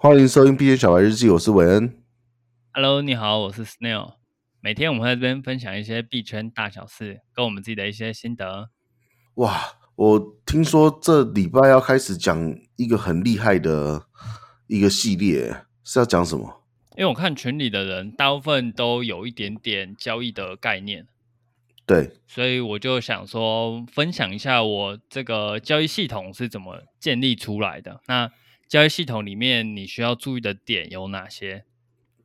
歡迎收聽幣圈小白日記，我是韋恩。Hello，你好，我是 Snail。每天我們在這邊分享一些幣圈大小事，跟我們自己的一些心得。哇，我聽說這禮拜要開始講一個很厲害的一個系列，是要講什麼？因為我看群裡的人大部分都有一點點交易的概念，對，所以我就想說分享一下我這個交易系統是怎麼建立出來的。那交易系統裡面你需要注意的點有哪些？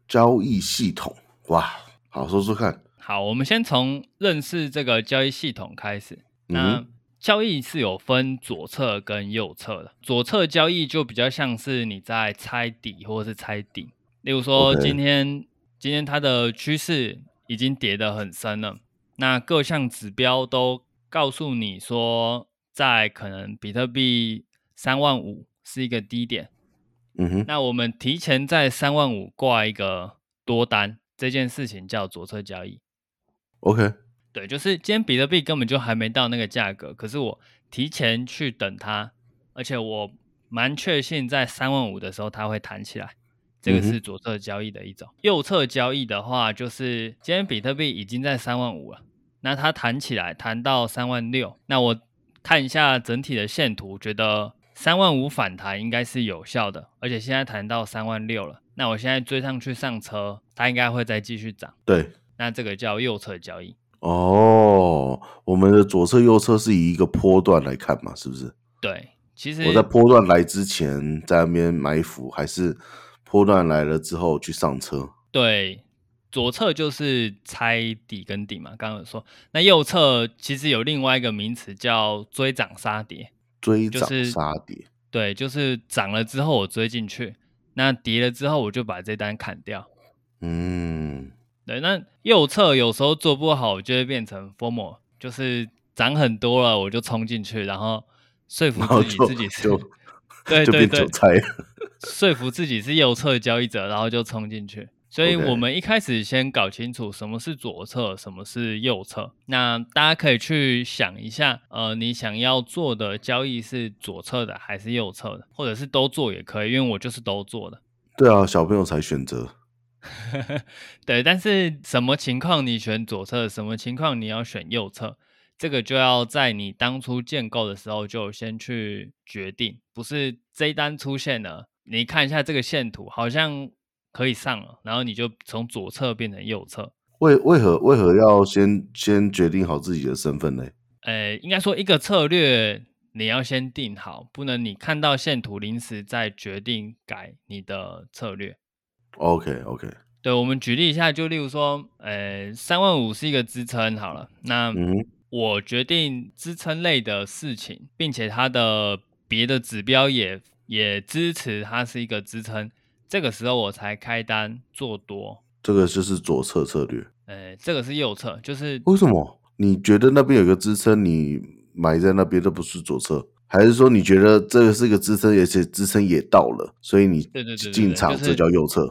交易系統，哇，好，說說看。好，我們先從認識這個交易系統開始、嗯。那交易是有分左側跟右側的，左側交易就比較像是你在猜底或者是猜頂。例如說，今天、Okay. 今天它的趨勢已經跌得很深了，那各項指標都告訴你說，在可能比特幣三萬五。是一個低點，嗯哼，那我們提前在三萬五掛一個多單，這件事情叫左側交易。OK，對，就是今天比特幣根本就還沒到那個價格，可是我提前去等它，而且我蠻確信在三萬五的時候它會彈起來，這個是左側交易的一種。嗯、右側交易的話，就是今天比特幣已經在三萬五了，那它彈起來，彈到三萬六，那我看一下整體的線圖，覺得，三萬五反彈應該是有效的，而且現在談到三萬六了，那我現在追上去上車，它應該會再繼續漲。對，那這個叫右側交易。哦，我們的左側、右側是以一個波段來看嘛，是不是？對，其實我在波段來之前在那邊埋伏，還是波段來了之後去上車？對，左側就是猜底跟頂嘛，剛剛有說，那右側其實有另外一個名詞叫追漲殺跌。就是、追漲殺跌，對，就是漲了之後我追進去，那跌了之後我就把這單砍掉。嗯，對，那右側有時候做不好，就會變成 FOMO，就是漲很多了我就衝進去，然後說服自己自己是就， 對就變菜對對，對，說服自己是右側的交易者，然後就衝進去。所以我們一開始先搞清楚什麼是左側，什麼是右側。那大家可以去想一下，呃，你想要做的交易是左側的還是右側的，或者是都做也可以，因為我就是都做的。對啊，小朋友才選擇。 對，但是什麼情況你選左側，什麼情況你要選右側，這個就要在你當初建構的時候就先去決定，不是這一單出現了，你看一下這個線圖，好像。可以上了，然後你就從左側變成右側。為為何為何要先先決定好自己的身份呢？誒、欸，應該說一個策略你要先定好，不能你看到線圖臨時再決定改你的策略。OK OK。對，我們舉例一下，就例如說，誒、欸，三萬五是一個支撐，好了，那我決定支撐類的事情，並且它的別的指標也也支持它是一個支撐。這個時候我才開單做多，這個就是左側策略。呃、哎，這個是右側，就是為什麼？你覺得那邊有個支撐，你買在那邊都不是左側，還是說你覺得這個是一個支撐，而且支撐也到了，所以你對對對進場，就是，這叫右側。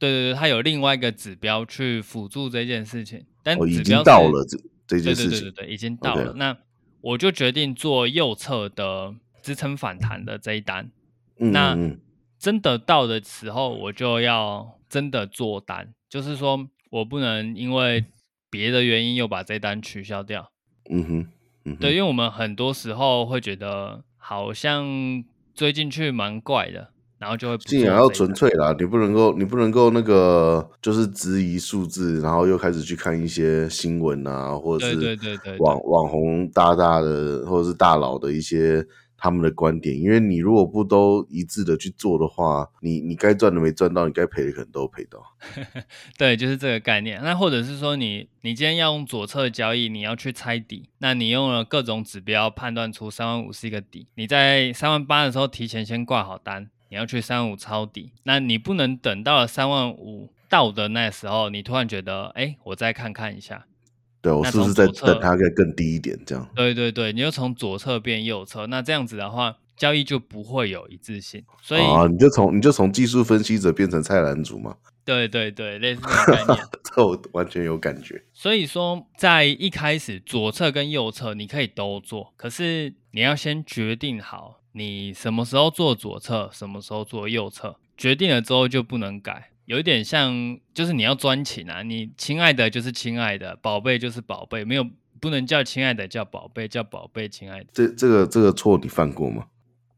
對對對，它有另外一個指標去輔助這件事情，但指標、哦、已經到了這這件事情，對，對對對對，已經到了。Okay. 那我就決定做右側的支撐反彈的這一單，嗯、那。嗯嗯真的到的時候，我就要真的做單，就是說我不能因為別的原因又把這單取消掉。嗯哼，嗯哼，對，因為我們很多時候會覺得好像追進去蠻怪的，然後就會不。竟然要純粹啦，你不能夠，你不能夠那個，就是質疑數字，然後又開始去看一些新聞啊，或者是網，對對對對對對，網紅大大的，或者是大佬的一些。他們的觀點，因為你如果不都一致的去做的話，你你該賺的沒賺到，你該賠的可能都賠到。 對，就是這個概念。那或者是說你，你你今天要用左側的交易，你要去猜底，那你用了各種指標判斷出三萬五是一個底，你在三萬八的時候提前先掛好單，你要去三萬五抄底，那你不能等到了三萬五到的那時候，你突然覺得，哎，我再看看一下。對，我是不是在等它可以更低一點這樣？對對對，你就從左側變右側，那這樣子的話，交易就不會有一致性。所以，啊，你就從你就從技術分析者變成菜籃子嘛？對對對，類似概念， 這我完全有感覺。所以說，在一開始左側跟右側你可以都做，可是你要先決定好你什麼時候做左側，什麼時候做右側，決定了之後就不能改。有點像，就是你要專情啊，你親愛的就是親愛的，寶貝就是寶貝，沒有不能叫親愛的叫寶貝，叫寶貝親愛的，這這個這個錯你犯過嗎？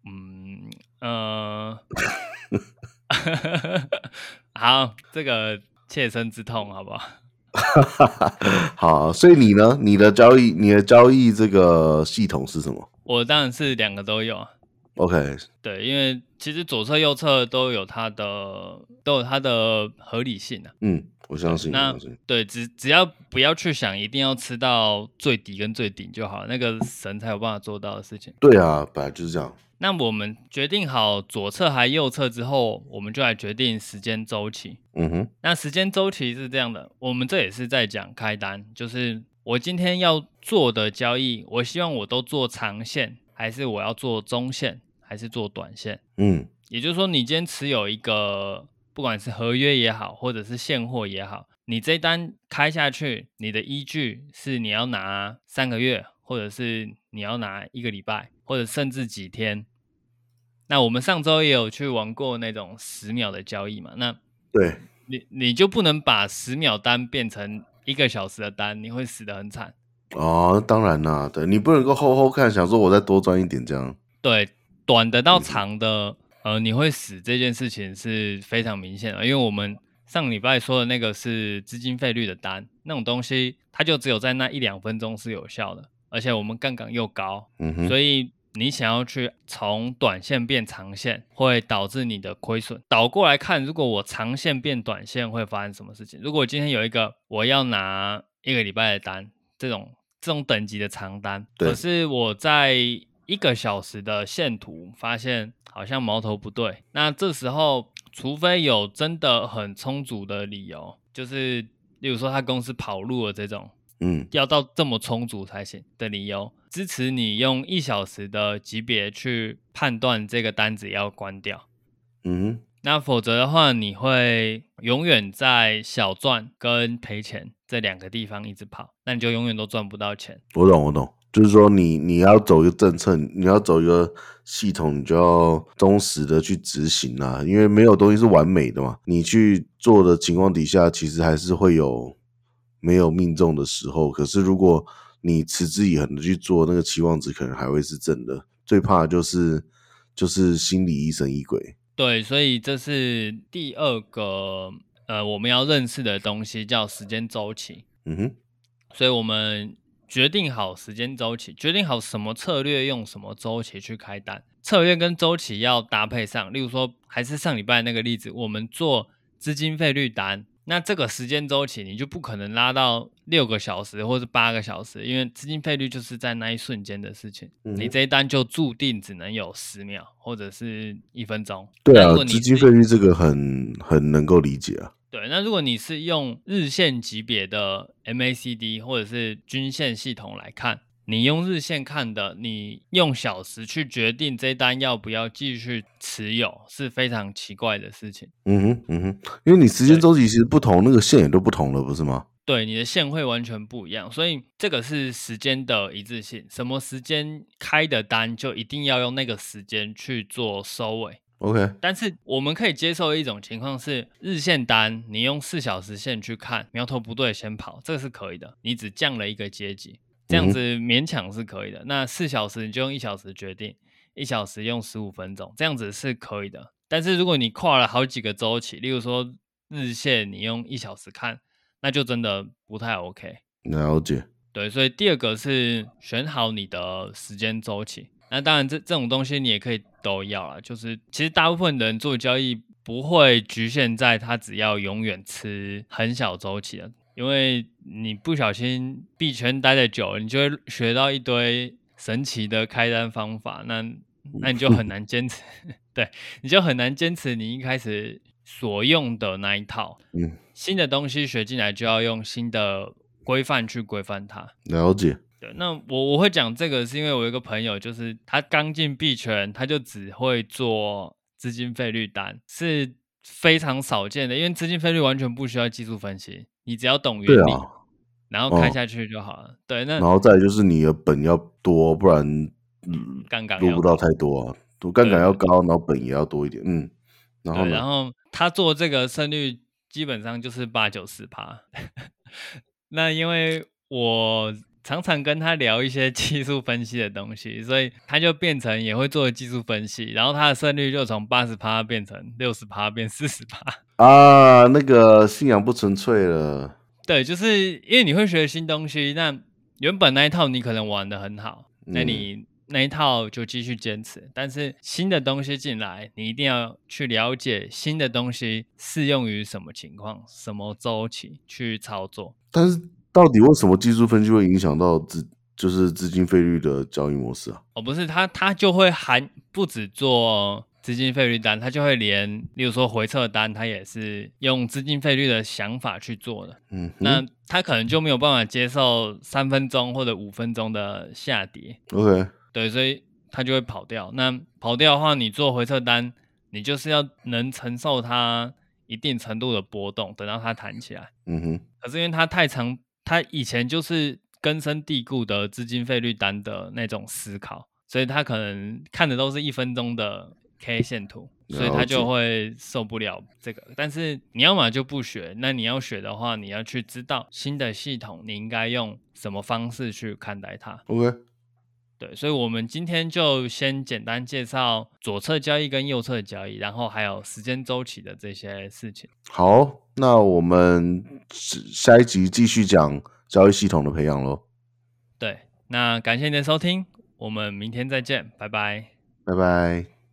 嗯嗯，呃、 好，這個切身之痛，好不好？ 好，所以你呢？你的交易，你的交易這個系統是什麼？我當然是兩個都有 OK，對，因為其實左側、右側都有它的都有它的合理性啊。嗯，我相信，對，我相信。那對，只只要不要去想一定要吃到最低跟最頂就好，那個神才有辦法做到的事情。對啊，本來就是這樣。那我們決定好左側還右側之後，我們就來決定時間週期。嗯哼，那時間週期是這樣的，我們這也是在講開單，就是我今天要做的交易，我希望我都做長線。還是我要做中線，還是做短線？嗯，也就是說，你今天持有一個，不管是合約也好，或者是現貨也好，你這一單開下去，你的依據是你要拿三個月，或者是你要拿一個禮拜，或者甚至幾天。那我們上周也有去玩過那種十秒的交易嘛？那對你，你就不能把十秒單變成一個小時的單，你會死得很慘。哦，當然啦，對，你不能夠 hold hold 看，想說我再多賺一點這樣。對，短的到長的、嗯，呃，你會死這件事情是非常明顯的，因為我們上禮拜說的那個是資金費率的單，那種東西它就只有在那一兩分鐘是有效的，而且我們槓桿又高，嗯哼，所以你想要去從短線變長線，會導致你的虧損。倒過來看，如果我長線變短線會發生什麼事情？如果今天有一個我要拿一個禮拜的單這種。這種等級的長單，可是我在一個小時的線圖發現好像矛頭不對。那這時候，除非有真的很充足的理由，就是例如說他公司跑路了這種，嗯，要到這麼充足才行的理由，支持你用一小時的級別去判斷這個單子要關掉。嗯。那否則的話，你會永遠在小賺跟賠錢這兩個地方一直跑，那你就永遠都賺不到錢。我懂，我懂，就是說你你要走一個政策，你要走一個系統，你就要忠實的去執行啊，因為沒有東西是完美的嘛。你去做的情況底下，其實還是會有沒有命中的時候。可是如果你持之以恆的去做，那個期望值可能還會是正的。最怕的就是就是心理疑神疑鬼。對，所以這是第二個呃，我們要認識的東西，叫時間週期。嗯哼，所以我們決定好時間週期，決定好什麼策略，用什麼週期去開單，策略跟週期要搭配上。例如說，還是上禮拜那個例子，我們做資金費率單，那這個時間週期你就不可能拉到。六個小時或是八個小時，因為資金費率就是在那一瞬間的事情，嗯，你這一單就注定只能有十秒或者是一分鐘。對啊，資金費率這個很很能夠理解啊。對，那如果你是用日線級別的 MACD 或者是均線系統來看，你用日線看的，你用小時去決定這一單要不要繼續持有，是非常奇怪的事情。嗯哼，嗯哼，因為你時間周期其實不同，那個線也都不同了，不是嗎？對，你的線會完全不一樣，所以這個是時間的一致性。什麼時間開的單，就一定要用那個時間去做收尾。OK，但是我們可以接受一種情況是，日線單你用四小時線去看，苗頭不對先跑，這個是可以的。你只降了一個階級，這樣子勉強是可以的。那四小時你就用一小時決定，一小時用十五分鐘，這樣子是可以的。但是如果你跨了好幾個週期，例如說日線你用一小時看。那就真的不太 OK，了解。對，所以第二個是選好你的時間週期。那當然這，這這種東西你也可以都要啊，就是其實大部分人做交易不會侷限在他只要永遠吃很小周期的，因為你不小心幣圈待得久了，你就會學到一堆神奇的開單方法。那那你就很難堅持， 對，你就很難堅持你一開始，所用的那一套，嗯，新的東西學進來就要用新的規範去規範它。了解，對。那我我會講這個，是因為我有一個朋友，就是他剛進幣圈，他就只會做資金費率單，是非常少見的，因為資金費率完全不需要技術分析，你只要懂原理，啊、然後看下去就好了。哦、對，那然後再就是你的本要多，不然嗯，槓桿要不到太多，啊，多槓桿要高，然後本也要多一點，嗯。然後，對，然後他做這個勝率基本上就是八九十趴， 那因為我常常跟他聊一些技術分析的東西，所以他就變成也會做技術分析，然後他的勝率就從八十趴變成六十趴，變四十趴。啊，那個信仰不純粹了。對，就是因為你會學新東西，那原本那一套你可能玩的很好，嗯、那你。那一套就繼續堅持，但是新的東西進來，你一定要去了解新的東西適用於什麼情況、什麼週期去操作。但是，到底為什麼技術分析會影響到資就是資金費率的交易模式啊？哦，不是，他他就會含不止做資金費率單，他就會連，例如說回撤單，他也是用資金費率的想法去做的。嗯，那他可能就沒有辦法接受三分鐘或者五分鐘的下跌。OK。對，所以它就會跑掉。那跑掉的話，你做回撤單，你就是要能承受它一定程度的波動，等到它彈起來。嗯哼。可是因為它太長，它以前就是根深蒂固的資金費率單的那種思考，所以它可能看的都是一分鐘的 K 線圖，所以它就會受不了這個。但是你要嘛就不學，那你要學的話，你要去知道新的系統你應該用什麼方式去看待它。OK。對，所以，我們今天就先簡單介紹左側交易跟右側交易，然後還有時間周期的這些事情。好，那我們下一集繼續講交易系統的培養嘍。對，那感謝您的收聽，我們明天再見，拜拜，拜拜。